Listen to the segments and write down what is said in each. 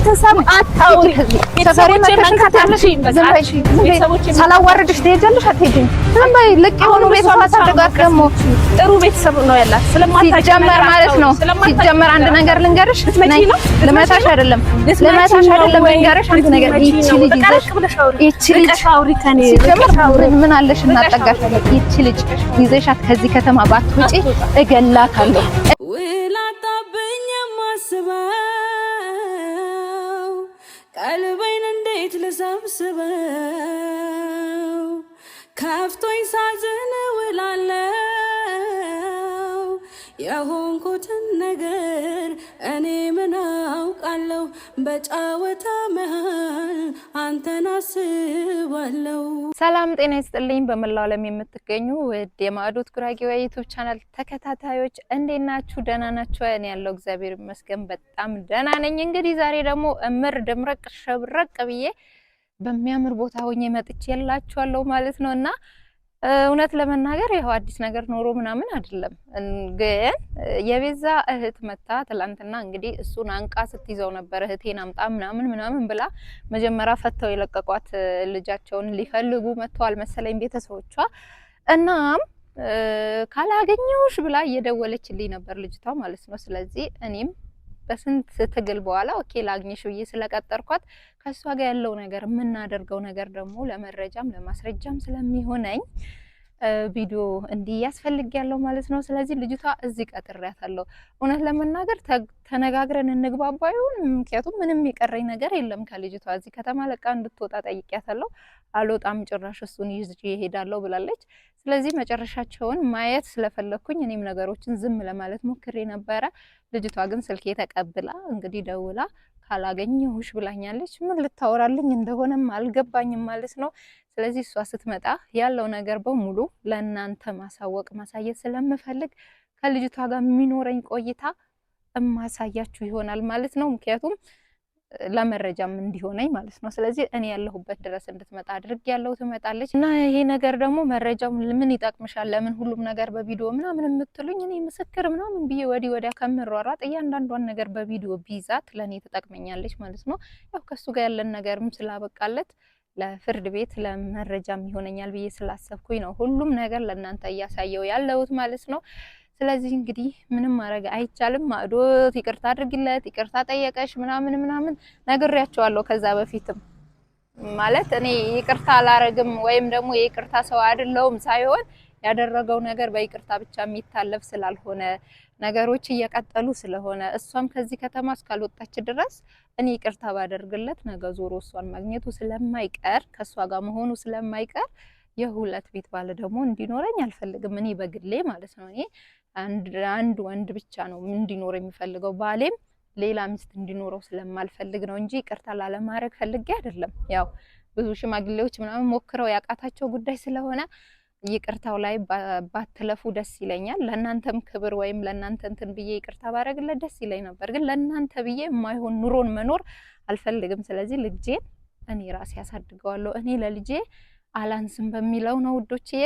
ቤተሰብ አታውሪ። ሰፈሬ መከታተልሽ ሳላዋርድሽ ትሄጃለሽ። አትሄጂም። ዝም በይ። ልቅ የሆኑ ቤተሰብ አሳደጋት። ደግሞ ጥሩ ቤተሰብ ነው ያላት ሲጀመር ማለት ነው። ሲጀመር አንድ ነገር ልንገርሽ፣ ልመታሽ አይደለም፣ ልመታሽ አይደለም። ልንገርሽ አንድ ነገር፣ ይቺ ልጅ ይቺ ልጅ ሲጀመር ምን አለሽ እናጠጋሽ። ይቺ ልጅ ይዘሻት ከዚህ ከተማ ባትወጪ እገላታለሁ። የሆንኩትን ነገር እኔ ምን አውቃለሁ? በጫወታ መሃል አንተን አስባለሁ። ሰላም ጤና ይስጥልኝ። በመላው ዓለም የምትገኙ ውድ የማዕዶት ጉራጌዋ ዩቱብ ቻናል ተከታታዮች እንዴት ናችሁ? ደህና ናችሁ? እኔ ያለው እግዚአብሔር ይመስገን በጣም ደህና ነኝ። እንግዲህ ዛሬ ደግሞ እምር ድምረቅ ሸብረቅ ብዬ በሚያምር ቦታ ሆኜ መጥቼ የላችኋለሁ ማለት ነው እና እውነት ለመናገር ይኸው አዲስ ነገር ኖሮ ምናምን አይደለም። ግን የቤዛ እህት መታ ትላንትና እንግዲህ እሱን አንቃ ስትይዘው ነበር እህቴን አምጣ ምናምን ምናምን ብላ መጀመሪያ ፈተው የለቀቋት ልጃቸውን ሊፈልጉ መጥተዋል መሰለኝ ቤተሰቦቿ። እናም ካላገኘሁሽ ብላ እየደወለችልኝ ነበር ልጅቷ ማለት ነው። ስለዚህ እኔም በስንት ትግል በኋላ ኦኬ ላግኝሽ ብዬ ስለቀጠርኳት ከእሷ ጋር ያለው ነገር የምናደርገው ነገር ደግሞ ለመረጃም ለማስረጃም ስለሚሆነኝ ቪዲዮ እንዲህ ያስፈልግ ያለው ማለት ነው። ስለዚህ ልጅቷ እዚህ ቀጥሬያታለሁ። እውነት ለመናገር ተነጋግረን እንግባባ ይሁን፣ ምክንያቱም ምንም የቀረኝ ነገር የለም ከልጅቷ። እዚህ ከተማ ለቃ እንድትወጣ ጠይቄያታለሁ። አልወጣም ጭራሽ እሱን ይዤ እሄዳለሁ ብላለች። ስለዚህ መጨረሻቸውን ማየት ስለፈለግኩኝ እኔም ነገሮችን ዝም ለማለት ሞክሬ ነበረ። ልጅቷ ግን ስልኬ ተቀብላ እንግዲህ ደውላ ካላገኘሁሽ ብላኛለች። ምን ልታወራልኝ እንደሆነም አልገባኝም ማለት ነው። ስለዚህ እሷ ስትመጣ ያለው ነገር በሙሉ ለእናንተ ማሳወቅ ማሳየት ስለምፈልግ ከልጅቷ ጋር የሚኖረኝ ቆይታ እማሳያችሁ ይሆናል ማለት ነው። ምክንያቱም ለመረጃም እንዲሆነኝ ማለት ነው። ስለዚህ እኔ ያለሁበት ድረስ እንድትመጣ አድርግ ያለው ትመጣለች እና ይሄ ነገር ደግሞ መረጃው ምን ይጠቅምሻል፣ ለምን ሁሉም ነገር በቪዲዮ ምናምን የምትሉኝ እኔ ምስክር ምናምን ብዬ ወዲህ ወዲያ ከምሯሯጥ እያንዳንዷን ነገር በቪዲዮ ቢይዛት ለእኔ ትጠቅመኛለች ማለት ነው። ያው ከሱ ጋር ያለን ነገርም ስላበቃለት ለፍርድ ቤት ለመረጃም ይሆነኛል ብዬ ስላሰብኩኝ ነው ሁሉም ነገር ለእናንተ እያሳየው ያለሁት ማለት ነው። ስለዚህ እንግዲህ ምንም ማድረግ አይቻልም። ማዕዶት ይቅርታ አድርግለት፣ ይቅርታ ጠየቀሽ ምናምን ምናምን ነግሬያቸዋለሁ። ከዛ በፊትም ማለት እኔ ይቅርታ አላረግም ወይም ደግሞ የይቅርታ ሰው አይደለሁም ሳይሆን ያደረገው ነገር በይቅርታ ብቻ የሚታለፍ ስላልሆነ ነገሮች እየቀጠሉ ስለሆነ እሷም ከዚህ ከተማ እስካልወጣች ድረስ እኔ ይቅርታ ባደርግለት ነገ ዞሮ እሷን ማግኘቱ ስለማይቀር ከእሷ ጋር መሆኑ ስለማይቀር የሁለት ቤት ባለ ደግሞ እንዲኖረኝ አልፈልግም። እኔ በግሌ ማለት ነው። እኔ አንድ ወንድ ብቻ ነው እንዲኖር የሚፈልገው ባሌም ሌላ ሚስት እንዲኖረው ስለማልፈልግ ነው እንጂ ይቅርታ ላለማድረግ ፈልጌ አይደለም። ያው ብዙ ሽማግሌዎች ምናምን ሞክረው ያቃታቸው ጉዳይ ስለሆነ ይቅርታው ላይ ባትለፉ ደስ ይለኛል። ለእናንተም ክብር ወይም ለእናንተ እንትን ብዬ ይቅርታ ባደረግለት ደስ ይለኝ ነበር፣ ግን ለእናንተ ብዬ የማይሆን ኑሮን መኖር አልፈልግም። ስለዚህ ልጄን እኔ ራሴ ያሳድገዋለሁ፣ እኔ ለልጄ አላንስም በሚለው ነው ውዶችዬ።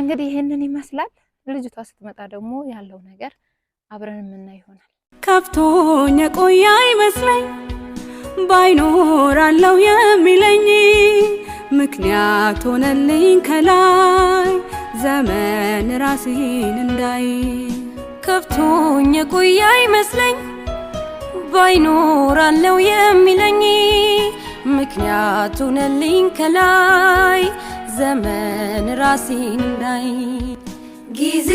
እንግዲህ ይህንን ይመስላል። ልጅቷ ስትመጣ ደግሞ ያለው ነገር አብረን የምና ይሆናል። ከብቶኝ የቆየ አይመስለኝ ባይኖራለው የሚለኝ ምክንያት ሆነልኝ ከላይ ዘመን ራሴን እንዳይ ከብቶኝ የቆየ አይመስለኝ ባይኖር አለው የሚለኝ ምክንያት ሆነልኝ ከላይ ዘመን ራሴን እንዳይ ጊዜ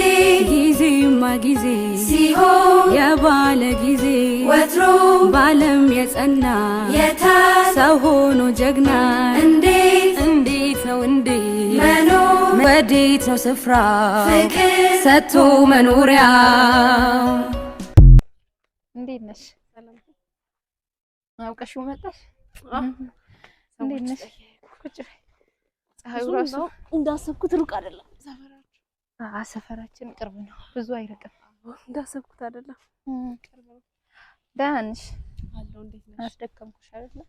ጊዜማ ጊዜ ሲሆን የባለ ጊዜ ወትሮ ባለም የጸና የታ ሰው ሆኖ ጀግና እንዴት እንዴት ነው እንዴት መኖ ወዴት ነው ስፍራ ፍቅር ሰጥቶ መኖሪያ። እንዴት ነሽ? አውቀሽው መጣሽ። እንዴት ነሽ? ቁጭ እንዳሰብኩት ሩቅ አይደለም አሰፈራችን ቅርብ ነው፣ ብዙ አይርቅም። እንዳሰብኩት አይደለም። ደህና ነሽ? አስደከምኩሽ አይደለ?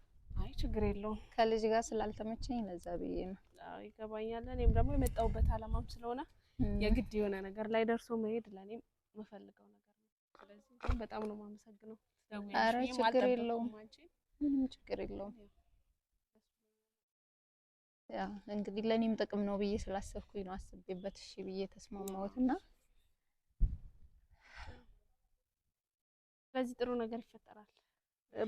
አይ ችግር የለውም። ከልጅ ጋር ስላልተመቸኝ ለዛ ብዬ ነው። ይገባኛል። እኔም ደግሞ የመጣሁበት አላማም ስለሆነ የግድ የሆነ ነገር ላይ ደርሶ መሄድ ለእኔም የምፈልገው ነገር ነው። ስለዚህ በጣም ነው የማመሰግነው። ኧረ ችግር የለውም፣ ምንም ችግር የለውም። እንግዲህ ለእኔም ጥቅም ነው ብዬ ስላሰብኩኝ ነው አስቤበት እሺ ብዬ ተስማማሁት እና በዚህ ጥሩ ነገር ይፈጠራል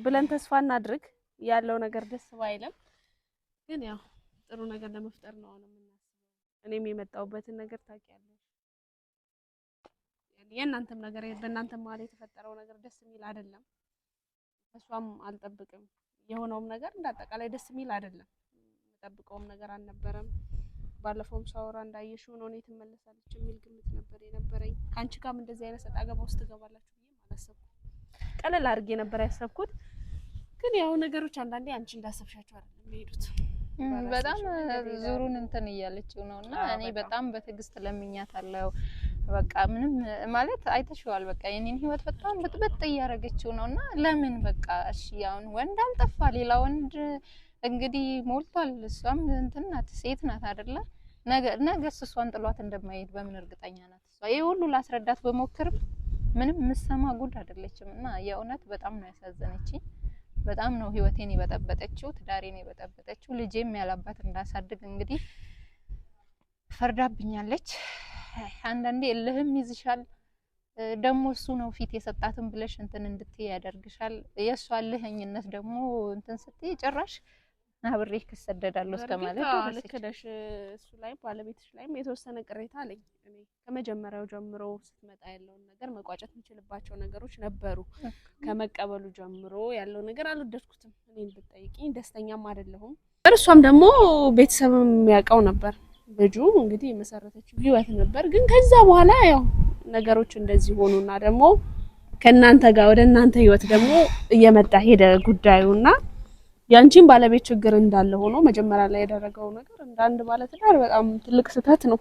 ብለን ተስፋ እናድርግ። ያለው ነገር ደስ ባይልም ግን ያው ጥሩ ነገር ለመፍጠር ነው አሁን የምናስበው። እኔም የመጣሁበትን ነገር ታውቂያለሽ። የእናንተም ነገር በእናንተ መሀል የተፈጠረው ነገር ደስ የሚል አይደለም። ተስፋም አልጠብቅም። የሆነውም ነገር እንዳጠቃላይ ደስ የሚል አይደለም። የምጠብቀውም ነገር አልነበረም። ባለፈውም ሳወራ እንዳየሽው ነው እኔ ትመለሳለች የሚል ግምት ነበር የነበረኝ። ከአንቺ ጋርም እንደዚህ አይነት ሰጣ ገባ ውስጥ ትገባላችሁ ብዬ አላሰብኩም። ቀለል አድርጌ ነበር ያሰብኩት። ግን ያው ነገሮች አንዳንዴ አንቺ እንዳሰብሻቸው አይደለም የሚሄዱት። በጣም ዙሩን እንትን እያለችው ነው እና እኔ በጣም በትዕግስት ለምኛት በቃ ምንም ማለት አይተሽዋል። በቃ የኔን ህይወት በጣም ብጥብጥ እያደረገችው ነው እና ለምን በቃ እሺ፣ አሁን ወንድ አልጠፋ ሌላ ወንድ እንግዲህ ሞልቷል። እሷም እንትን ናት፣ ሴት ናት አይደለ? ነገስ እሷን ጥሏት እንደማይሄድ በምን እርግጠኛ ናት? እሷ ይህ ሁሉ ላስረዳት በሞክርም ምንም ምሰማ ጉድ አይደለችም። እና የእውነት በጣም ነው ያሳዘነችኝ። በጣም ነው ህይወቴን የበጠበጠችው፣ ትዳሬን የበጠበጠችው። ልጄም ያላባት እንዳሳድግ እንግዲህ ፈርዳብኛለች። አንዳንዴ እልህም ይዝሻል። ደግሞ እሱ ነው ፊት የሰጣትን ብለሽ እንትን እንድትይ ያደርግሻል። የእሷ እልህኝነት ደግሞ እንትን ስትይ ጭራሽ አብሬ እሰደዳለሁ እስከ ማለት ልክ ነሽ። እሱ ላይ ባለቤትሽ ላይም የተወሰነ ቅሬታ አለኝ እኔ ከመጀመሪያው ጀምሮ ስትመጣ ያለውን ነገር መቋጨት የምችልባቸው ነገሮች ነበሩ። ከመቀበሉ ጀምሮ ያለው ነገር አልወደድኩትም። እኔን ብትጠይቂኝ ደስተኛም አይደለሁም። እሷም ደግሞ ቤተሰብም የሚያውቀው ነበር። ልጁ እንግዲህ የመሰረተችው ህይወት ነበር። ግን ከዛ በኋላ ያው ነገሮች እንደዚህ ሆኑና ደግሞ ከእናንተ ጋር ወደ እናንተ ህይወት ደግሞ እየመጣ ሄደ ጉዳዩና ያንቺን ባለቤት ችግር እንዳለ ሆኖ መጀመሪያ ላይ ያደረገው ነገር እንደ አንድ ባለትዳር በጣም ትልቅ ስህተት ነው።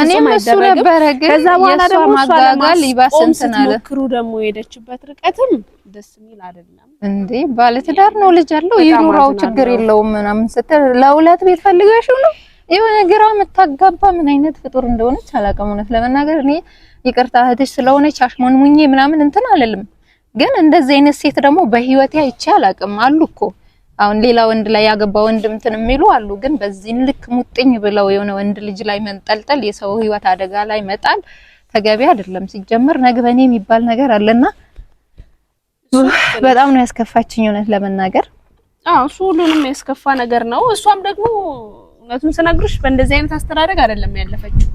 እኔም እሱ ነበረ። ግን ከዛ በኋላ ደግሞ ማጋጋል ለማስቆም ስትሞክሩ ደግሞ የሄደችበት ርቀትም ደስ የሚል አይደለም። እንዴ ባለትዳር ነው ልጅ አለው ይኑራው ችግር የለውም ምናምን ስትል ለሁለት ቤት ፈልገሽው ነው የሆነ ግራ የምታጋባ ምን አይነት ፍጡር እንደሆነች አላውቅም። እውነት ለመናገር እኔ ይቅርታ እህትሽ ስለሆነች አሽሞንሙኜ ምናምን እንትን አለልም፣ ግን እንደዚህ አይነት ሴት ደግሞ በህይወቴ አይቼ አላውቅም። አሉ እኮ አሁን ሌላ ወንድ ላይ ያገባ ወንድ እንትን የሚሉ አሉ። ግን በዚህ ልክ ሙጥኝ ብለው የሆነ ወንድ ልጅ ላይ መንጠልጠል፣ የሰው ህይወት አደጋ ላይ መጣል ተገቢ አይደለም። ሲጀመር ነግበኔ የሚባል ነገር አለና በጣም ነው ያስከፋችኝ እውነት ለመናገር አዎ፣ እሱ ሁሉንም ያስከፋ ነገር ነው። እሷም ደግሞ እውነቱን ስነግርሽ በእንደዚህ አይነት አስተዳደግ አይደለም ያለፈችው።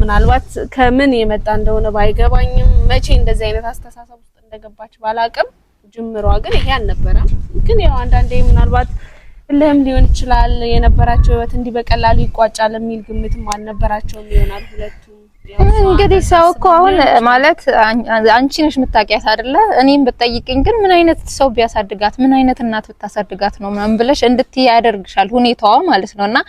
ምናልባት ከምን የመጣ እንደሆነ ባይገባኝም መቼ እንደዚህ አይነት አስተሳሰብ ውስጥ እንደገባች ባላቅም ጅምሯ ግን ይሄ አልነበረም። ግን ያው አንዳንዴ ምናልባት እልህም ሊሆን ይችላል የነበራቸው ህይወት እንዲህ በቀላሉ ይቋጫል የሚል ግምትም አልነበራቸውም ይሆናል ሁለቱ እንግዲህ ሰው እኮ አሁን ማለት አንቺ ነሽ የምታውቂያት አይደለ? እኔም ብትጠይቅኝ ግን ምን አይነት ሰው ቢያሳድጋት ምን አይነት እናት ብታሳድጋት ነው ምናምን ብለሽ እንድትይ ያደርግሻል ሁኔታዋ ማለት ነውና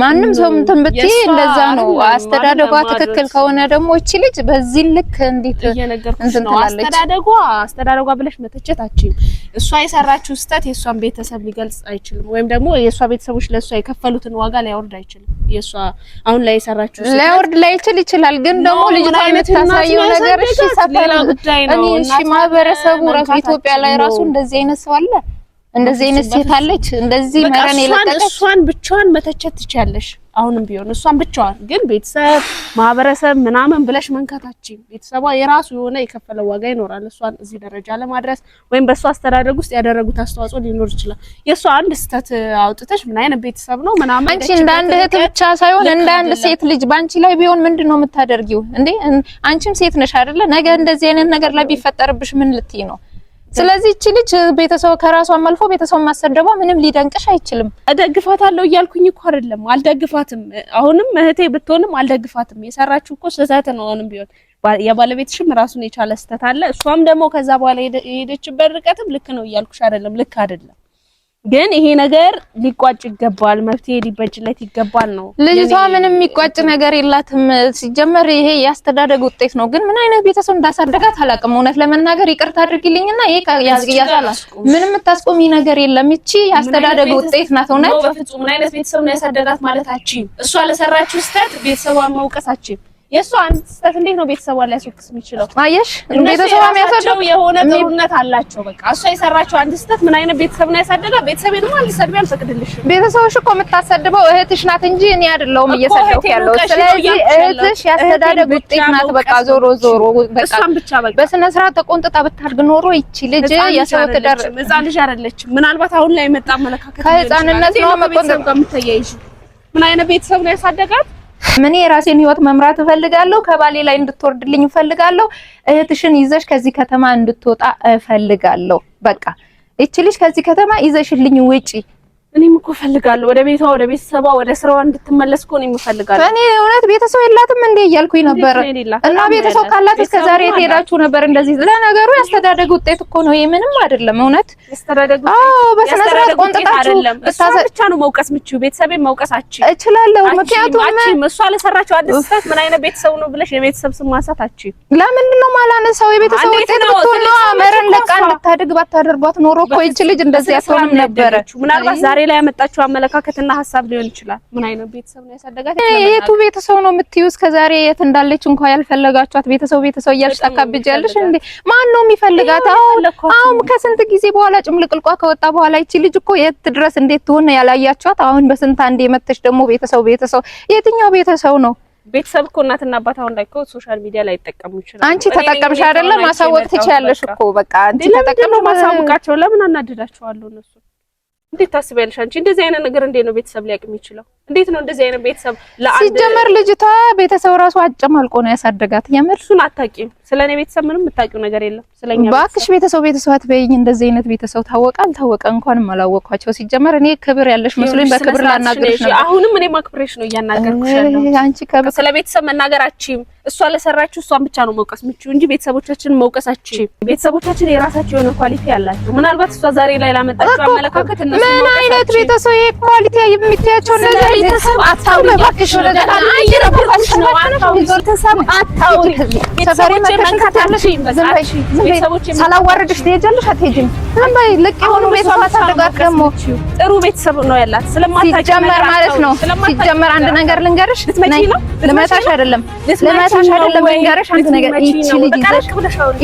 ማንም ሰው እንትን ብትይ እንደዛ ነው። አስተዳደጓ ትክክል ከሆነ ደግሞ እቺ ልጅ በዚህ ልክ እንዴት እንትን ትላለች? አስተዳደጓ አስተዳደጓ ብለሽ መተቸታችን እሷ የሰራችው ስህተት የእሷን ቤተሰብ ሊገልጽ አይችልም፣ ወይም ደግሞ የእሷ ቤተሰቦች ለእሷ የከፈሉትን ዋጋ ሊያወርድ አይችልም። የእሷ አሁን ላይ የሰራችው ስህተት ላይችል ይችላል፣ ግን ደግሞ ልጅቷ የምታሳየው ነገር እሺ፣ ሰፈር እኔ እሺ፣ ማህበረሰቡ ራሱ ኢትዮጵያ ላይ ራሱ እንደዚህ አይነት ሰው አለ እንደዚህ አይነት ሴት አለች። እንደዚህ መረን የለቀቀች እሷን ብቻዋን መተቸት ትችያለሽ። አሁንም ቢሆን እሷን ብቻዋን ግን ቤተሰብ ማህበረሰብ ምናምን ብለሽ መንካታችን ቤተሰቧ የራሱ የሆነ የከፈለ ዋጋ ይኖራል። እሷን እዚህ ደረጃ ለማድረስ ወይም በእሷ አስተዳደግ ውስጥ ያደረጉት አስተዋጽኦ ሊኖር ይችላል። የእሷ አንድ ስህተት አውጥተሽ ምን አይነት ቤተሰብ ነው ምናምን አንቺ እንደ አንድ እህት ብቻ ሳይሆን እንደ አንድ ሴት ልጅ በአንቺ ላይ ቢሆን ምንድን ነው የምታደርጊው እንዴ? አንቺም ሴት ነሽ አይደለ? ነገ እንደዚህ አይነት ነገር ላይ ቢፈጠርብሽ ምን ልትይ ነው? ስለዚህ እቺ ልጅ ቤተሰብ ከራሷም አልፎ ቤተሰብ ማሰደቧ ምንም ሊደንቅሽ አይችልም። እደግፋታለሁ እያልኩኝ እኮ አይደለም፣ አልደግፋትም። አሁንም እህቴ ብትሆንም አልደግፋትም። የሰራችው እኮ ስህተት ነው። አሁንም ቢሆን የባለቤትሽም ራሱን የቻለ ስህተት አለ። እሷም ደግሞ ከዛ በኋላ የሄደችበት ርቀትም ልክ ነው እያልኩሽ አይደለም፣ ልክ አይደለም ግን ይሄ ነገር ሊቋጭ ይገባል፣ መፍትሄ ሊበጅለት ይገባል ነው። ልጅቷ ምንም የሚቋጭ ነገር የላትም። ሲጀመር ይሄ የአስተዳደግ ውጤት ነው። ግን ምን አይነት ቤተሰብ እንዳሳደጋት አላውቅም። እውነት ለመናገር ይቅርታ አድርጊልኝና ይሄ ያዝግያታል። ምንም የምታስቆሚ ነገር የለም። እቺ የአስተዳደግ ውጤት ናት። እውነት በፍጹም ምን አይነት ቤተሰብ ነው ያሳደጋት ማለት አቺ እሷ ለሰራችው ስህተት ቤተሰቧን መውቀሳችን የእሱ አንድ ስህተት እንዴት ነው ላይ ሊያስወቅስ የሚችለው? አየሽ፣ ቤተሰቧ የሚያሳድገው የሆነ ጥሩነት አላቸው። በቃ እሷ የሰራቸው አንድ ስህተት ምን አይነት ቤተሰብ ነው ያሳደገ? ቤተሰብ ደግሞ እንዲሰድብ አልፈቅድልሽም። ቤተሰብሽ እኮ የምታሳድበው እህትሽ ናት እንጂ እኔ አይደለሁም እየሰደብኩ ያለው። ስለዚህ እህትሽ ያስተዳደግ ውጤት ናት። በቃ ዞሮ ዞሮ ብቻ በቃ በስነ ስርዓት ተቆንጥጣ ብታድግ ኖሮ ይቺ ልጅ የሰው ትዳር ህፃን ልጅ አይደለችም። ምናልባት አሁን ላይ መጣ አመለካከት ከህፃንነት ነው መቆንጠጥ ምን አይነት ቤተሰብ ነው ያሳደጋት እኔ የራሴን ህይወት መምራት እፈልጋለሁ። ከባሌ ላይ እንድትወርድልኝ እፈልጋለሁ። እህትሽን ይዘሽ ከዚህ ከተማ እንድትወጣ እፈልጋለሁ። በቃ እቺ ልጅ ከዚህ ከተማ ይዘሽልኝ ውጪ እኔም እኮ እፈልጋለሁ ወደ ቤቷ ወደ ቤተሰቧ ወደ ስራዋ እንድትመለስ እኮ እኔም እፈልጋለሁ። እኔ እውነት ቤተሰብ የላትም እንዴ እያልኩኝ ነበር። እና ቤተሰብ ካላት እስከ ዛሬ የት ሄዳችሁ ነበር? እንደዚህ ለነገሩ ያስተዳደግ ውጤት እኮ ነው። ይሄ ምንም አይደለም። እውነት ያስተዳደግ ውጤት። አዎ በስነ ስርዓት ቆንጥጣችሁ ብታሰ ብቻ ነው መውቀስ ምችው ቤተሰብን መውቀስ አቺ እችላለሁ። ምክንያቱም እሷ ለሰራችሁ አዲስ ስህተት ምን አይነት ቤተሰብ ነው ብለሽ የቤተሰብ ስም ማንሳት አቺ። ለምንድን ነው ማላነሳው? የቤተሰብ ውጤት ብትሆን ነው አመረን ለቃ እንድታድግ ባታደርጓት ኖሮ እኮ ይች ልጅ እንደዚህ ያትሆንም ነበር። ምናልባት ዛሬ ላይ ያመጣችው አመለካከትና ሀሳብ ሊሆን ይችላል። ምን አይነት ቤተሰብ ነው ያሳደጋት? የቱ ቤተሰብ ነው የምትዩ እስከ ዛሬ የት እንዳለች እንኳን ያልፈለጋችኋት ቤተሰብ ቤተሰብ እያልሽ ታካብጃለሽ እንዴ? ማን ነው የሚፈልጋት? አሁን ከስንት ጊዜ በኋላ ጭምልቅልቋ ከወጣ በኋላ ይቺ ልጅ እኮ የት ድረስ እንዴት ትሆን ያላያችኋት? አሁን በስንት አንዴ መተሽ ደግሞ ቤተሰብ ቤተሰብ የትኛው ቤተሰብ ነው? ቤተሰብ እኮ እናትና አባት አሁን ላይ እኮ ሶሻል ሚዲያ ላይ ይጠቀሙ ይችላል። አንቺ ተጠቀምሽ አይደለ? ማሳወቅ ትችያለሽ እኮ በቃ አንቺ ተጠቀምሽ ማሳወቃቸው። ለምን አናድዳቸዋለሁ እነሱ እንዴት ታስቢያለሽ አንቺ? እንደዚህ አይነት ነገር እንዴት ነው ቤተሰብ ሊያውቅ የሚችለው? እንዴት ነው እንደዚህ አይነት ቤተሰብ ለአንድ ሲጀመር ልጅቷ ቤተሰብ ራሱ አጨማልቆ ነው ያሳደጋት። የምር እሱን አታውቂም ስለ እኔ ቤተሰብ ምንም የምታውቂው ነገር የለም። ስለኛ እባክሽ ቤተሰብ ቤተሰብ አትበይኝ። እንደዚህ አይነት ቤተሰብ ታወቀ አልታወቀ እንኳንም አላወቅኳቸው። ሲጀመር እኔ ክብር ያለሽ መስሎኝ በክብር ላናገርሽ ነው። አሁንም እኔ ማክብሬሽ ነው እያናገርኩሽ ያለው። አንቺ ከብር ስለ ቤተሰብ መናገራችሁም እሷ ለሰራችሁ እሷን ብቻ ነው መውቀስ ምቹ እንጂ ቤተሰቦቻችን መውቀሳችሁ። ቤተሰቦቻችን የራሳቸው የሆነ ኳሊቲ አላቸው። ምናልባት እሷ ዛሬ ላይ ላመጣችሁ አመለካከት እነሱ ምን አይነት ቤተሰብ ይሄ ኳሊቲ የምትያቸው ነገር ቤተሰብ አታውሪ። እባክሽ ነገር አይ ረብሽ ነው አታውሪ። ቤተሰብ አታውሪ። ሳላዋርድሽ ትሄጃለሽ አትሄጂም? ልቅ የሆኑ ቤተሰብ አሳደጋት ደግሞ ጥሩ ቤተሰብ ነው ያላት ሲጀመር ማለት ነው። ሲጀመር አንድ ነገር ልንገርሽ፣ ልመታሽ አይደለም ልመታሽ አይደለም ልንገርሽ አንድ ነገር ይቺ ልጅ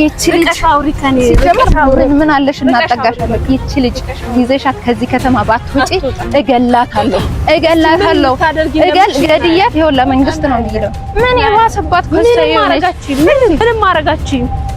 ይቺ ልጅ ሲጀመር ምን አለሽ እናጠጋሻለሁ። ይቺ ልጅ ይዘሻት ከዚህ ከተማ ባትወጪ እገላታለሁ፣ እገላታለሁ፣ እገል ገድያት ይኸው ለመንግስት ነው የሚሄደው። ምን የባሰባት ኮስተዩ ነች። Maragati.